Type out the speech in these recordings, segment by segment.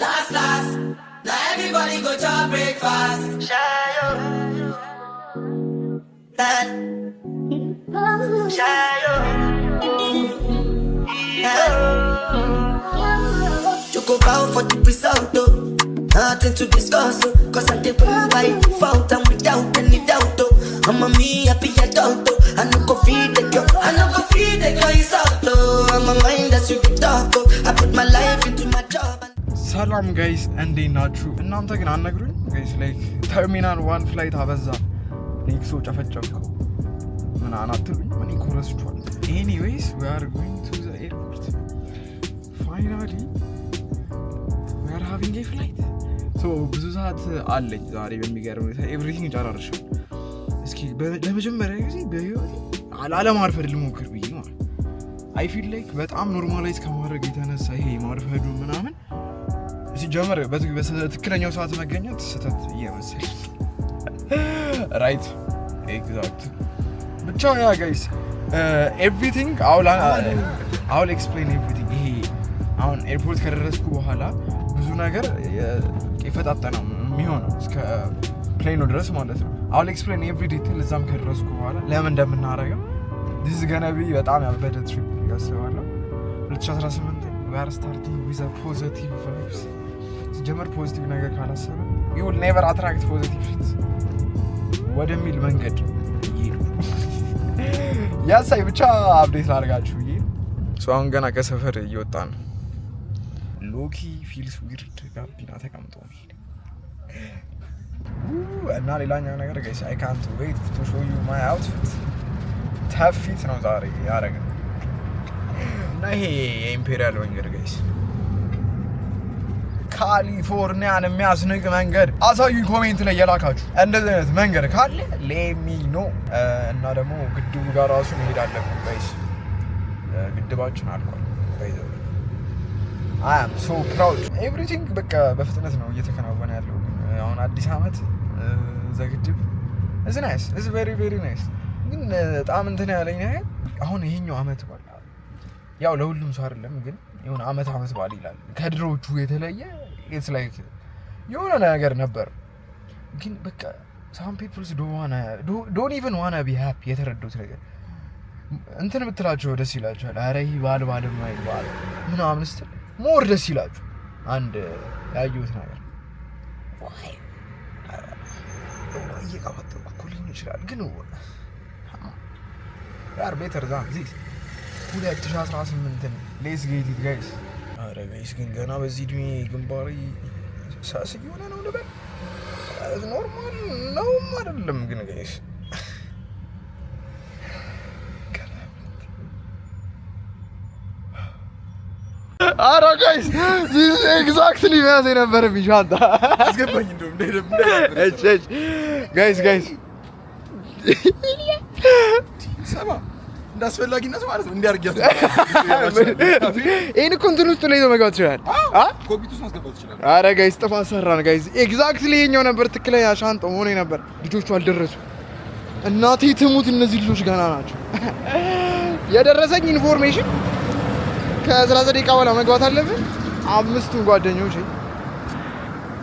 last, last. Now everybody go to breakfast. Shayo. That. Shayo. That. You go bow for the result, oh. Nothing to discuss, oh, cause I dip by default and without any doubt, oh. I'm a me I happy adult, oh. I no go feed the girl, I no go feed the girl, it's out, oh. I'm a mind that's you can talk, oh. I put my life into my job. ሰላም ጋይስ እንዴት ናችሁ? እናንተ ግን አነግሩኝ ጋይስ። ላይክ ተርሚናል ዋን ፍላይት አበዛ ኔክሶ ጨፈጨፍኩ ምን አናትሉኝ ምን ኮረስችኋል። ኤኒዌይስ ዊ አር ጎይንግ ቱ ዘ ኤርፖርት ፋይናሊ ዊ አር ሃቪንግ ኤ ፍላይት። ብዙ ሰዓት አለኝ ዛሬ በሚገርም ሁኔታ ኤቭሪቲንግ ጨራርሻል። እስኪ ለመጀመሪያ ጊዜ በህይወት አላለማርፈድ ልሞክር ብዬ ማለት አይ ፊል ላይክ በጣም ኖርማላይዝ ከማድረግ የተነሳ ይሄ ማርፈዱ ምናምን ሲጀመር በትክክለኛው ሰዓት መገኘት ስህተት እየመሰል ራይት ኤግዛክት ብቻ ያ ጋይስ ኤቭሪቲንግ አሁን ኤክስፕሌን ኤቭሪቲንግ ይሄ አሁን ኤርፖርት ከደረስኩ በኋላ ብዙ ነገር የፈጣጠነ ነው የሚሆነው እስከ ፕሌኑ ድረስ ማለት ነው። አሁን ኤክስፕሌን ኤቭሪ ዲቴል እዛም ከደረስኩ በኋላ ለምን እንደምናደርገው ዲዝ ገነቢ በጣም ያበደ ትሪፕ ያስባለሁ 2018 ጋር ስታርቲንግ ዊዘ ፖዘቲቭ ቫይብስ ሲጀመር ፖዚቲቭ ነገር ካላሰበ ይሁን ኔቨር አትራክት ፖዚቲቭ ፊት ወደሚል መንገድ ያሳይ ብቻ አብዴት ላደርጋችሁ ሰው አሁን ገና ከሰፈር እየወጣ ነው። ሎኪ ፊልስ ዊርድ ጋቢና ተቀምጦ እና ሌላኛው ነገር ጋይስ አይ ካንት ዌይት ቱ ሾው ዩ ማይ አውትፊት ተፊት ነው ዛሬ ያደረግነው እና ይሄ የኢምፔሪያል መንገድ ጋይስ ካሊፎርኒያን የሚያስንቅ መንገድ አሳዩኝ። ኮሜንት ላይ የላካችሁ እንደዚህ አይነት መንገድ ካለ ሌሚ ኖ እና ደግሞ ግድቡ ጋር ራሱ መሄድ አለብን። ጋይስ ግድባችን አልቋል። አም ሶ ፕራውድ ኤቭሪቲንግ በቃ በፍጥነት ነው እየተከናወነ ያለው። አሁን አዲስ ዓመት ዘግድብ እዚ ናይስ እዚ ቬሪ ቬሪ ናይስ። ግን በጣም እንትን ያለኝ ያህል አሁን ይሄኛው ዓመት ባል ያው ለሁሉም ሰው አይደለም፣ ግን የሆነ ዓመት ዓመት ባል ይላል ከድሮቹ የተለየ ኢትስ ላይክ የሆነ ነገር ነበር ግን በቃ ሳም ፒፕልስ ዶን ኢቨን ዋና ቢ ሃፒ የተረዱት ነገር እንትን ብትላቸው ደስ ይላቸዋል። አረ ይህ ባል ባል ይባል ምናምን ስትል ሞር ደስ ይላችሁ። አንድ ያየሁት ነገር እየቀባጠባኩ ሊሆን ይችላል ግን ያር ቤተር ዛን ዚ 2018 ሌስ ጌቲት ጋይስ ጋይስ ግን ገና በዚህ እድሜ ግንባሪ ሳስ እየሆነ ነው ልበል። ኖርማል ነውም አይደለም ግን ጋይስ አረ ጋይስ ዚስ ኤግዛክትሊ መያዝ የነበረብኝ ቢሻንታ አስገባኝ። እንደውም ጋይስ ጋይስ እንዳስፈላጊነት ማለት ነው። እንዲያርጊያት ይሄን እኮ እንትን ውስጥ ላይ ይዘው መግባት ይችላል። ይችላል። አረ ጋይስ ጥፋ ሰራን ጋይስ። ኤግዛክትሊ ይሄኛው ነበር ትክክለኛ ሻንጣ ሆኖ ነበር። ልጆቹ አልደረሱ። እናቴ ትሙት፣ እነዚህ ልጆች ገና ናቸው። የደረሰኝ ኢንፎርሜሽን ከ30 ደቂቃ በኋላ መግባት አለብን። አምስቱ ጓደኞች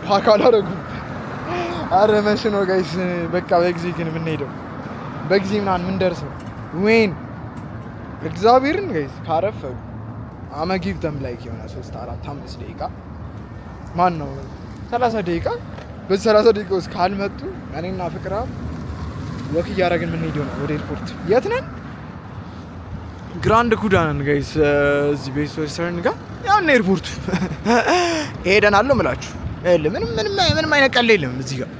ፓክ አላደረጉ። አረ መሽ ነው ጋይስ? በቃ በጊዜ ግን የምንሄደው በጊዜ ምናምን የምንደርሰው ወይን እግዚአብሔርን ጋይስ ካረፈሉ አመጊቭ ደም ላይክ የሆነ ሶስት አራት አምስት ደቂቃ ማን ነው ሰላሳ ደቂቃ በዚህ ሰላሳ ደቂቃ ውስጥ ካልመጡ እኔና ፍቅራ ወክ እያደረግን የምንሄደው ነው ወደ ኤርፖርት። የት ነን? ግራንድ ኩዳነን ጋይስ እዚህ ቤት ሬስቶራንት ጋር ያን ኤርፖርቱ ሄደናለሁ ምላችሁ ምንም ምንም ምንም አይነት ቀል የለም እዚህ ጋር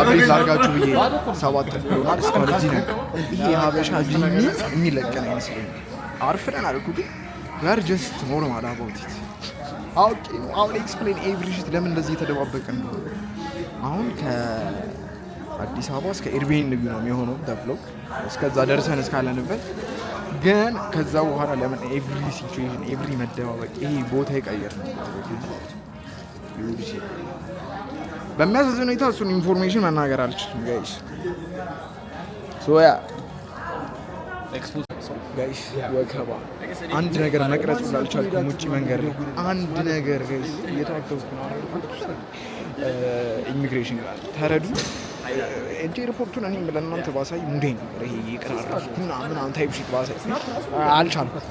አብሬት አድርጋችሁ ብዬ ሰባት ብሎናል። እስካለዚህ ነገር ይሄ የሀበሻ ጂኒ የሚለቀን አይመስለኝም። አርፍደን አልኩ ግን ጋር ጀስት ኖርማል አባውት ኢት አውቄ ነው አሁን ኤክስፕሌን ኤቭሪ ሽት ለምን እንደዚህ የተደባበቀ እንደሆነ አሁን ከአዲስ አበባ እስከ ኤርቤንቢ ነው የሚሆነው ተብሎ እስከዛ ደርሰን እስካለንበት ግን ከዛ በኋላ ለምን ኤቭሪ ሲቹዌሽን ኤቭሪ መደባበቅ ይሄ ቦታ ይቀየር ነው በሚያሳዝን ሁኔታ እሱን ኢንፎርሜሽን መናገር አልችልም ጋይሽ ሶያ ጋይስ ወከባ አንድ ነገር መቅረጽ ስላልቻልኩም ውጭ መንገድ ነው። አንድ ነገር ጋይስ እየታገብኩ ነው። ኢሚግሬሽን ጋር uh, ተረዱ uh, እንጂ ሪፖርቱን እኔም ለእናንተ ባሳይ ሙዴ ነበር። ይሄ ይቅራራ ምናምን ታይፕ ሺት ባሳይ uh, አልቻልኩም።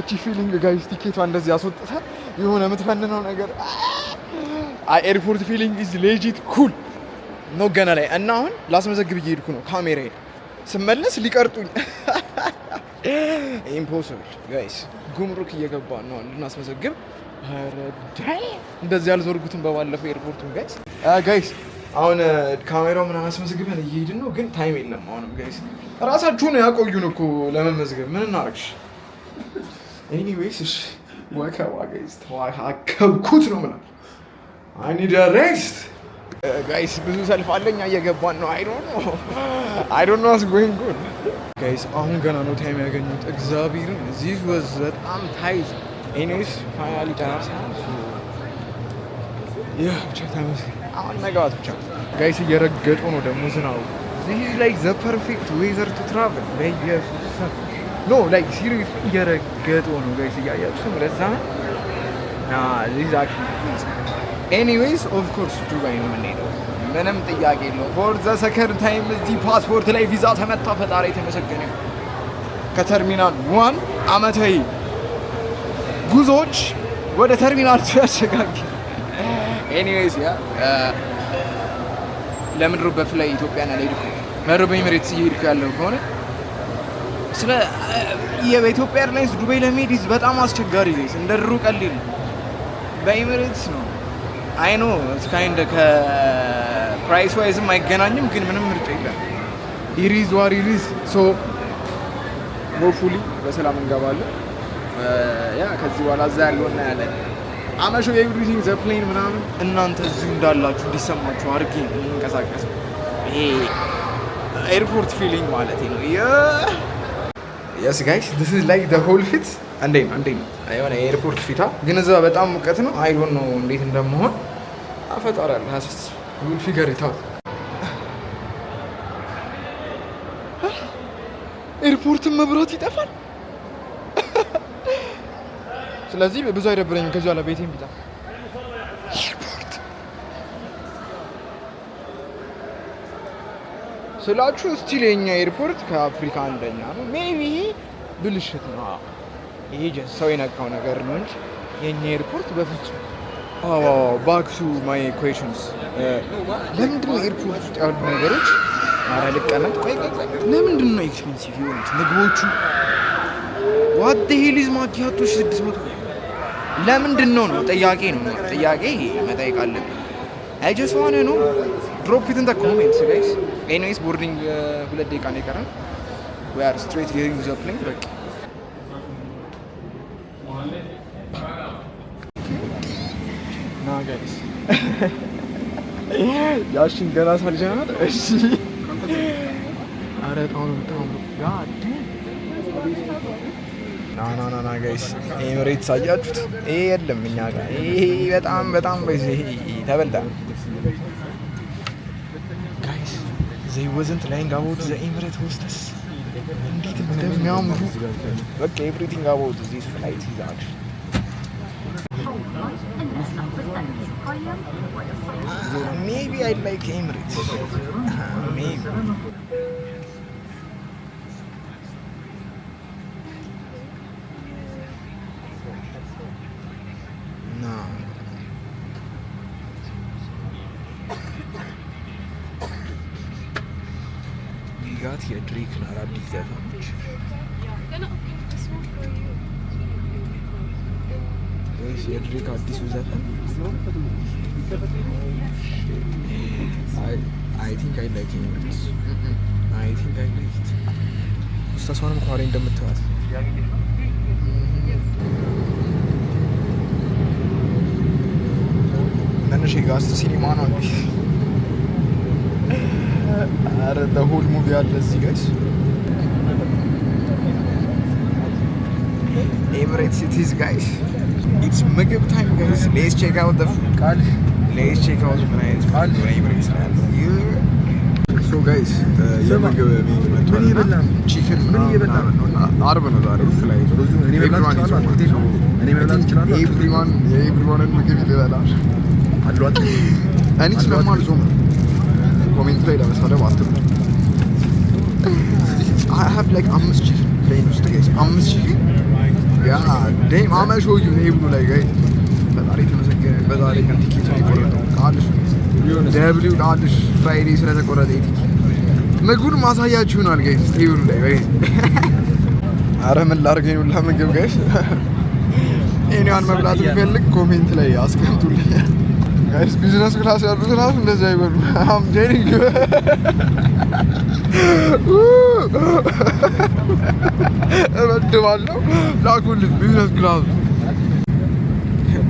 እቺ ፊሊንግ ጋይስ ቲኬቷ እንደዚህ ያስወጥታ የሆነ የምትፈንነው ነገር ኤርፖርት ፊሊንግ ኢዝ ሌጂት ኩል ኖ ገና ላይ እና አሁን ላስመዘግብ እየሄድኩ ነው። ካሜራ ስመለስ ሊቀርጡኝ ኢምፖስብል ጋይስ። ጉምሩክ እየገባ ነው እንድናስመዘግብ። ረዳይ እንደዚህ ያልዞርጉትን በባለፈው ኤርፖርቱን ጋይስ ጋይስ አሁን ካሜራው ምናምን አስመዝግበን እየሄድን ነው፣ ግን ታይም የለም አሁንም ጋይስ። እራሳችሁን ያቆዩን እኮ ለመመዝገብ ምን እናደርግሽ ኤኒዌይስ እሺ፣ ወካ ዋጋይስ ተዋካከብኩት ነው ምላ አይ ኒድ ሬስት ጋይስ። ብዙ ሰልፍ አለኝ እየገባን ነው። አይ ዶንት ኖ አይ ዶንት ኖ ዋትስ ጎይንግ ኦን ጋይስ። አሁን ገና ነው ታይም ያገኙት። እግዚአብሔርን ዚስ ወዝ በጣም ታይዝ። ኤኒዌይስ ፋይናሊ ተናሳን ብቻ ተመስገን። አሁን መግባት ብቻ ጋይስ። እየረገጡ ነው ደግሞ ዝናቡ። ዚስ ኢዝ ላይክ ዘ ፐርፌክት ዌዘር ቱ ትራቨል በኢየሱስ ኖ ላይክ ሲሪየስ እየረገጡ ነው ጋይስ እያያችሁ ነው። ለዛ ኤኒዌይስ ኦፍ ኮርስ ዱባይ ነው የምንሄደው፣ ምንም ጥያቄ የለው። ፎር ዘ ሰከንድ ታይም እዚህ ፓስፖርት ላይ ቪዛ ተመታ። ፈጣሪ የተመሰገነ። ከተርሚናል ዋን አመታዊ ጉዞዎች ወደ ተርሚናል ቱ ያሸጋግ ኤኒዌይስ ያ ለምድሩ በፍላይ ኢትዮጵያና ለሄድኩ መድሮ በኤምሬትስ እየሄድኩ ያለው ከሆነ ስለ የኢትዮጵያ ኤርላይንስ ዱባይ ለመሄድ በጣም አስቸጋሪ ይዝ እንደ ድሮ ቀሊል በኢሚሬትስ ነው። አይኖ እስካይንድ ከፕራይስ ዋይዝም አይገናኝም፣ ግን ምንም ምርጫ የለም። ኢሪዝ ዋር ኢሪዝ ሶ ሆፉሊ በሰላም እንገባለን። ያ ከዚህ በኋላ እዛ ያለው እናያለን። አመሾ ኤቭሪቲንግ ዘ ፕሌን ምናምን እናንተ እዚሁ እንዳላችሁ እንዲሰማችሁ አድርጌ ነው ይሄ ኤርፖርት ፊሊንግ ማለት ነው። የስ ጋይስ ዲስ ኢዝ ላይክ ዘ ሆል ፊት አንዴ ነው አንዴ ነው የሆነ የኤርፖርት ፊቷ ግን እዛ በጣም ሙቀት ነው። አይዶን ነው እንዴት እንደመሆን አፈጣራል ሀስስ ዊል ፊገር ኢት አውት። ኤርፖርትን መብራት ይጠፋል። ስለዚህ ብዙ አይደብረኝም ከዚህ በኋላ ቤቴን ቢጠፋ ስላችሁ ስቲል የኛ ኤርፖርት ከአፍሪካ አንደኛ ነው። ሜቢ ብልሽት ነው። ይሄ ጀስት ሰው የነካው ነገር ነው እንጂ የኛ ኤርፖርት በፍጹም። ባክ ቱ ማይ ኩዌሽንስ ለምንድን ነው ኤርፖርት ውስጥ ያሉ ነገሮች ኧረ ልቀመጥ፣ ቆይ ቆይ፣ ለምንድን ነው ኤክስፔንሲቭ የሆኑት ምግቦቹ? ዋት ዘ ሄል ኢዝ ማኪያቶች ስድስት መቶ ለምንድን ነው ነው ጥያቄ ነው ጥያቄ መጠየቅ አለብን። አይ ጀስት ዋን ነው ድሮፕ ኢት ኢን ዘ ኮሜንትስ ጋይስ ኤኒዌይስ ቦርዲንግ ሁለት ደቂቃ ነው የቀረን። ዌአር ስትሬት ጌሪንግ ዘ ፕሌን በቃ ያሽን ገና ሳልጀምር እሺ፣ አረ ጣሁን ጣሁን ጋድ ና ና ና ጋይስ ኤምሬትስ አያችሁት? ይሄ የለም እኛ ጋር ይሄ በጣም በጣም በዚህ ተበልታ they wasn't lying about the Emirates hostess. Indeed, everything about this flight is actually. Maybe I'd like Emirates. maybe. አራት የድሬክን አዳዲስ ዘፈኖች ወይስ የድሬክ አዲሱ ዘፈን አይ ቲንክ አይ ላይክ ኢት አይ ቲንክ አይ ላይክ ኢት ውስታሷንም ኳሬ እንደምትዋት ትንሽ የጋስት ሲኒማ ነው። ኧረ ሆል ሙቪ አለ እዚህ ጋይስ። ኤምሬትስ ኢት ጋይስ ኢትስ ምግብ ታይም ጋይስ። ሌትስ ቼክ አውት ዘ ቃል ሌትስ ቼክ አውት ምን አይነት ቃል ነው ኤምሬትስ ያለ ሶ ጋይስ የምግብ ቤት መጥቷል ቺክን ምናምን ነው እና አርብ ነው ዛሬ ፍላይት ኤቭሪዋን የኤቭሪዋንን ምግብ ይበላል። እኔ ስለማልዞም ነው ኮሜንት ላይ ለመሳደብ አትብሉ። አምስት ስለተቆረጠ ምግቡን ማሳያችሁ ይሆናል ጋይስ። ላይ አረ ምን ላድርገኝ ሁላ ምግብ ጋይስ። ይሄን መብላት ቢፈልግ ኮሜንት ላይ አስቀምጡልኝ። ጋይስ ቢዝነስ ክላስ ያሉት ራሱ እንደዚህ አይበሉ። አም ጄሪንግ እበድባለሁ። ላኩልኝ ቢዝነስ ክላስ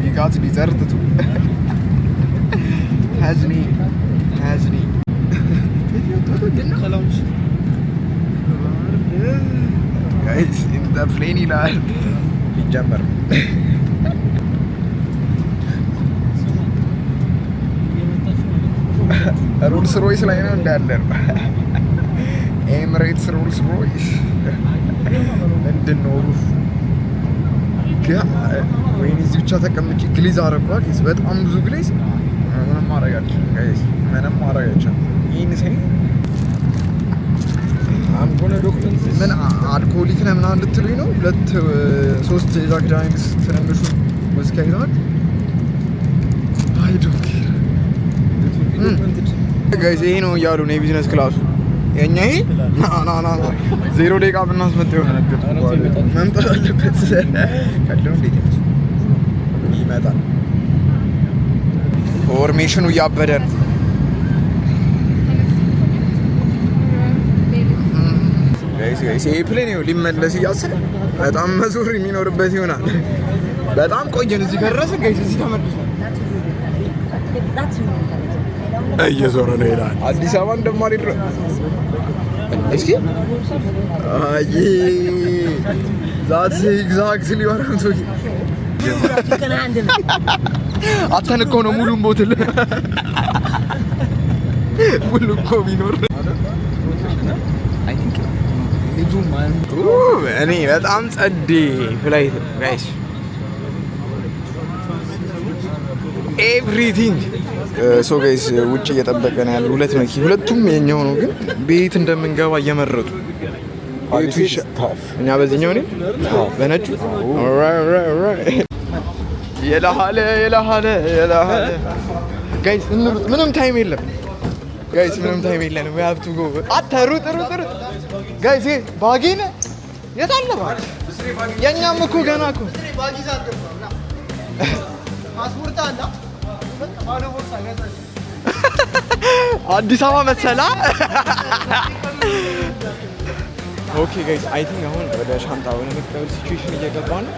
ቢቃት ሊጠርትቱ ሀዝኒ ሀዝኒ ጋይስ ኢንተርፕሌን ይላል ሊጀመር ሮልስ ሮይስ ላይ ነው እንዳለን ኤምሬትስ ሮልስ ሮይስ እንድኖሩ ወይኔ እዚህ ብቻ ተቀምጬ ግሊዝ አረጓል በጣም ብዙ ግሊዝ ምንም ማረጋቸው ምንም ማረጋቸው ይህን ሴ ምን አልኮሊክ ነህ ምናምን ልትሉኝ ነው? ሁለት ሶስት የጃክ ዳኒኤልስ ትንንሹ ውስኪ አይተሃል? ጋይስ ይሄ ነው እያሉ ነው የቢዝነስ ክላሱ የኛ ይሄ ዜሮ ደቂቃ ብናስመጣ የሆነ መምጣት አለበት። ይመጣል። ፎርሜሽኑ እያበደ ነው። ይሄ ፕሌን ይኸው ሊመለስ እያሰበ በጣም መዞር የሚኖርበት ይሆናል። በጣም ቆየን እዚህ ከደረስን ጋይስ እዚህ ተመልሷል። እየዞረ ነው ይላል። አዲስ አበባ እንደማሪ ነው። እስኪ አይ ዛት ኤግዛክት ሊወራም ቶኪ እኮ ነው ሙሉን ቦትል ሙሉ እኮ ቢኖር እኔ በጣም ጸዴ ፍላይት ጋይስ ኤቭሪቲንግ ሰው ጋይስ ውጭ ነው ያለ ሁለት መኪ ሁለቱም የኛ ሆነው ግን ቤት እንደምንገባ እየመረጡ እኛ በዚህኛው ኔ በነጩ ጋይስ እንሩጥ። ምንም ታይም የለም ጋይስ፣ ምንም ታይም የለንም። ያብቱ ጎ አተሩጥ ሩጥ ሩጥ ጋይስ፣ ባጊነ የእኛም እኮ ገና እኮ አዲስ አበባ መሰላ። ኦኬ ጋይስ አይ ቲንክ አሁን ወደ ሻንጣ ወደ መቀበል ሲቹዌሽን እየገባ ነው።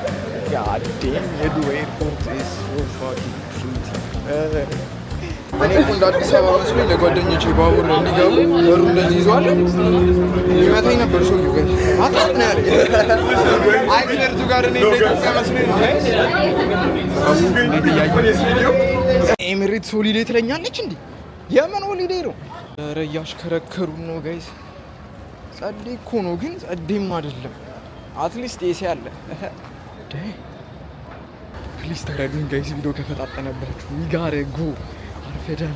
ያ ዴም የዱባይ ኤርፖርት ኢዝ ሶ ፋኪንግ እኔ እኮ እንደ አዲስ አበባ መስሎኝ ለጓደኞቼ ባቡር እንዲገቡ በሩ እንደዚህ ይዟል ይመታኝ ነበር። ሰው ግን አጣት ነው ያለ አይክለርቱ ጋር እኔ ኢትዮጵያ መስሎኝ ኤሚሬትስ ሆሊዴ ትለኛለች። እንዲ የምን ሆሊዴ ነው? ኧረ እያሽከረከሩን ነው ጋይስ። ጸዴ እኮ ነው ግን ጸዴም አይደለም። አትሊስት ኤሲ አለ። ፕሊስ ተረዱኝ ጋይስ። ቪዲዮ ከፈጣጠነባችሁ ይጋረጉ ፈዳን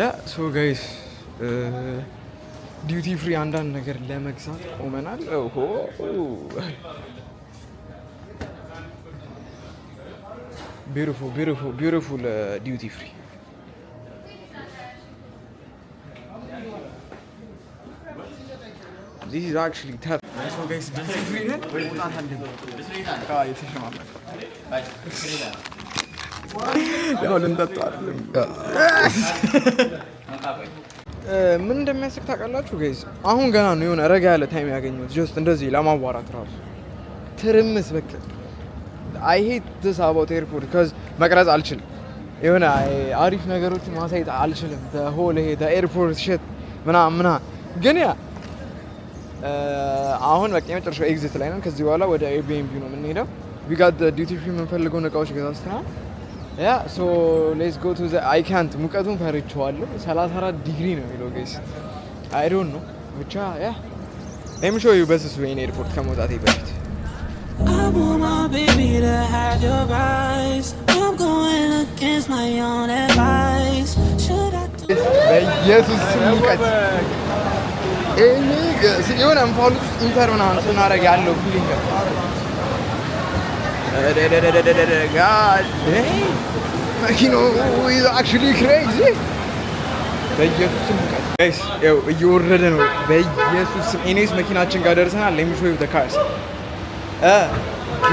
ያ ሶ ጋይስ ዲዩቲ ፍሪ አንዳንድ ነገር ለመግዛት ቆመናል። ኦሆ ፍሪ ዲዩቲ ፍሪ ያው ልንጠጣል። ምን እንደሚያስቅ ታውቃላችሁ ጋይስ? አሁን ገና ነው የሆነ ረጋ ያለ ታይም ያገኘሁት ጀስት እንደዚህ ለማዋራት ራሱ ትርምስ በቃ አይ ሄት ዲስ አባውት ኤርፖርት ከዝ መቅረጽ አልችልም፣ የሆነ አሪፍ ነገሮች ማሳየት አልችልም። ሆል ይሄ ኤርፖርት ሽት ምናምን ምናምን ግን ያ አሁን በቃ የመጨረሻው ኤግዚት ላይ ነን። ከዚህ በኋላ ወደ ኤርቢኤንቢ ነው የምንሄደው። ቢጋት ዲዩቲ ፍሪ የምንፈልገውን እቃዎች ገዛዝተናል። ያ ሶ ሌትስ ጎ ቱ ዘ አይ ካንት ሙቀቱን ፈርቼዋለሁ። 34 ዲግሪ ነው የሚለው ጋይስ አይ ዶንት ኖ ብቻ ያ ኤም ሾው ዩ በስሱ የኔ ኤርፖርት ከመውጣቴ በፊት በኢየሱስ ሙቀት የሆነ እንፋሎት ውስጥ ኢንተር ምናምን ስናደርግ ያለው ፊሊንግ God, hey, you know, በኢየሱስም ጋይስ ያው እየወረደ ነው። በኢየሱስ ስም መኪናችን ጋር ደርሰናል። ሌሚ ሾው ዘ ካርስ እ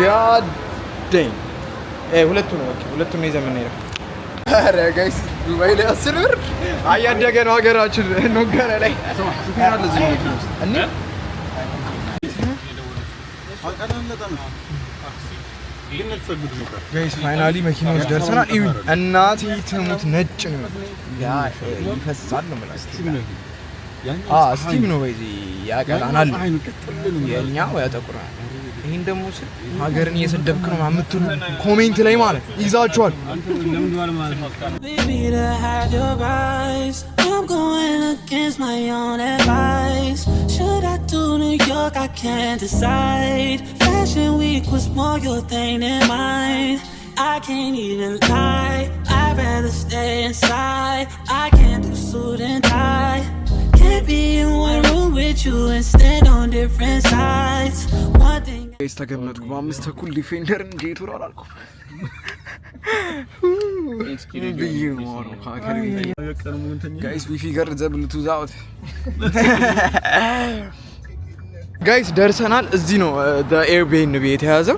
ጋድ ዴም እ ሁለቱ ነው ወጥ ሁለቱ ነው ይዘን የምንሄደው። ኧረ ጋይስ ዱባይ ላይ አስር ብር አያደገ ነው ሀገራችን። ኖገረ ላይ ሱፊራል እዚህ ነው እንዴ ጋይስ ፋይናሊ መኪና ውስጥ ደርሰናል። እዩ እናቴ ትሙት ነጭ ነው ያ ይፈሳል ነው ስቲም ነው በዚህ ያቀላናል የእኛ ያጠቁራል። ይህን ደግሞ ሀገርን እየሰደብክ ነው የምትሉ ኮሜንት ላይ ማለት ይዛችኋል። to New York, I can't decide. Fashion week was more your thing than mine. I can't even lie. I'd rather stay inside. I can't do suit and tie. Can't be in one room with you and stand on different sides. One thing. ስ ተገመጥኩም። አምስት ተኩል ዲፌንደር እንዴት ሆኖ አላልኩም ብዬ ነው ጋይስ ዊ ፊገር ዘብል ቱዝ ጋይስ ደርሰናል። እዚህ ነው ኤርቢኤንቢ uh, የተያዘው፣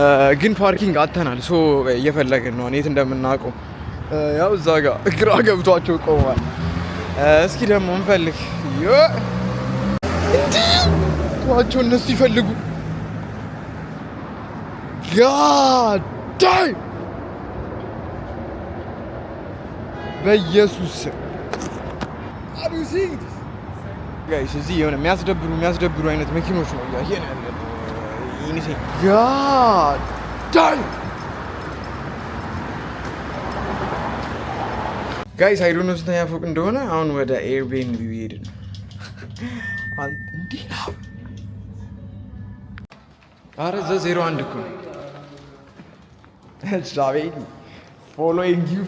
uh, ግን ፓርኪንግ አጥተናል። ሶ እየፈለግን ነው እኔት እንደምናውቀው። uh, ያው እዛ ጋ ግራ ገብቷቸው ቆሟል። እስኪ ደግሞ እንፈልግ ቸው እነሱ ይፈልጉ ጋዳይ በኢየሱስ ጋይስ እዚህ የሆነ የሚያስደብሩ የሚያስደብሩ አይነት መኪኖች ነው እያየን ያለ ይኒሴ ያ ዳይ ጋይስ አይዶ ነው ስንተኛ ፎቅ እንደሆነ አሁን ወደ ኤርቤንቢ ሄድ ነው። እንዲህ ነው። አረ ዘ ዜሮ አንድ እኮ ቤኒ ፎሎዊንግ ዩ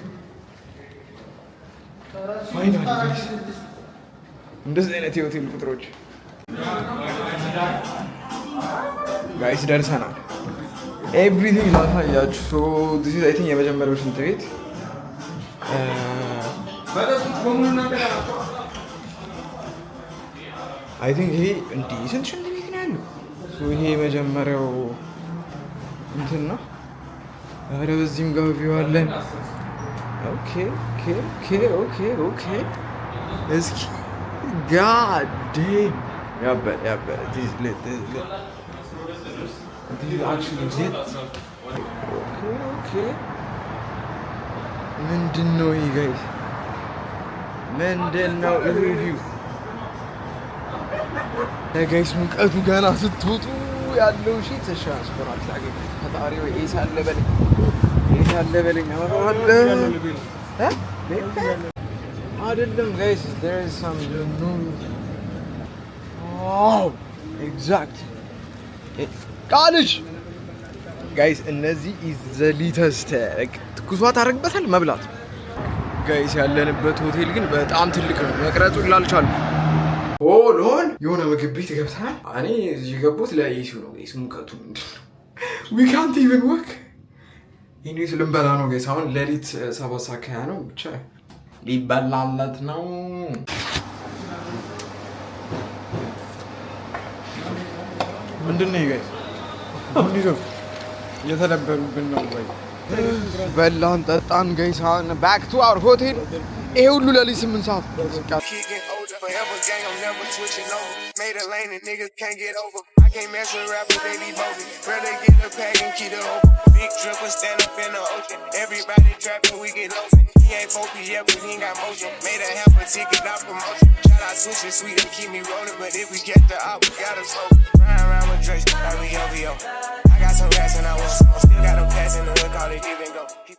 ፋይናል እንደዚህ አይነት የሆቴል ቁጥሮች ጋይስ ደርሰናል። ኤቭሪቲንግ ላሳያችሁ። ሶ ዲስ አይ ቲንክ የመጀመሪያው ሽንት ቤት አይ uh, ቲንክ ይሄ እንዲህ ስንት ሽንት ቤት ነው ያለው? ይሄ የመጀመሪያው እንትን ነው። ኧረ በዚህም ጋር ቪው አለን። ኦኬ ኦኬ ኦኬ ኦኬ እስኪ God damn. Yeah, but yeah, but is lit, is lit. is actually lit. Okay, okay. ምንድን ነው ይህ ጋይስ? of ነው ሪቪው? ጋይስ ሙቀቱ ገና ስትወጡ ያለው ሺ ተሻስኮራል። ታገኝ ፈጣሪ ወይ ኢሳ ለበለኝ፣ ኢሳ ለበለኝ አወራዋለሁ አይደለም ጋይስ ኤግዛክት oh, eh, ቃልሽ ጋይስ እነዚህ ኢዘሊተስተ eh, ትኩሷ ታደርግበታል መብላት ጋይስ ያለንበት ሆቴል ግን በጣም ትልቅ ነው። መቅረጹ ላልቻሉ ሆሎን የሆነ ምግብ ቤት ገብተናል። እኔ እዚህ የገቡት ለኢሱ ነው ጋይስ። ሙቀቱ ዊ ካንት ኢቨን ወክ ይህ ልንበላ ነው ጋይስ። አሁን ሌሊት ሰባት ሰዓት ከያ ነው ብቻ ሊበላለት ነው። ምንድን ነው ይገ እየተደበሩብን ነው ወይ? በላን ጠጣን፣ ገይሳን ባክ ቱ አር ሆቴል። ይሄ ሁሉ ለሊት ስምንት ሰዓት Big dripper, stand up in the ocean. Everybody trapping, we get low. He ain't 4 yet, but he ain't got motion. Made a half a ticket, not promotion. Shout out Sushi, sweet and keep me rolling. But if we get the op, we gotta smoke. Ryan around with Drake, like we OVO. I got some rats and I want some. Still got a pass in the hood, call it even go.